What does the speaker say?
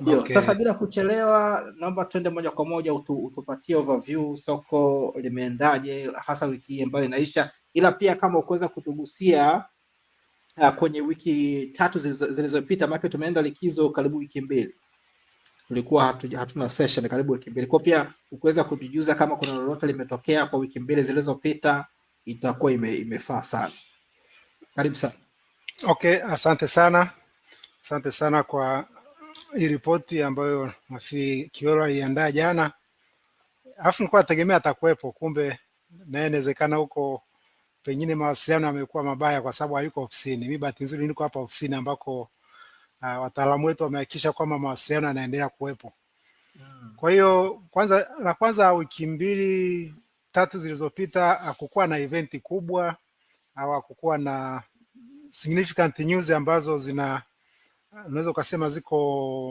Ndio, okay. Sasa bila kuchelewa, naomba tuende moja kwa moja utu, utupatie overview soko limeendaje hasa wiki hii ambayo inaisha, ila pia kama ukuweza kutugusia uh, kwenye wiki tatu zilizopita, maana tumeenda likizo karibu wiki mbili, tulikuwa hatu, hatuna session karibu wiki mbili, kwa pia ukuweza kutujuza kama kuna lolote limetokea kwa wiki mbili zilizopita, itakuwa ime, imefaa sana. Karibu sana. Okay, asante sana, asante sana kwa hii ripoti ambayo nafi Kiwero aliandaa jana, alafu nilikuwa nategemea atakuwepo, kumbe naye inawezekana huko pengine mawasiliano yamekuwa mabaya kwa sababu hayuko ofisini. Mimi bahati nzuri niko hapa ofisini ambako uh, wataalamu wetu wamehakikisha kwamba mawasiliano yanaendelea kuwepo. Hmm. Kwa hiyo kwanza, la kwanza wiki mbili tatu zilizopita hakukuwa na eventi kubwa au hakukuwa na significant news ambazo zina unaweza ukasema ziko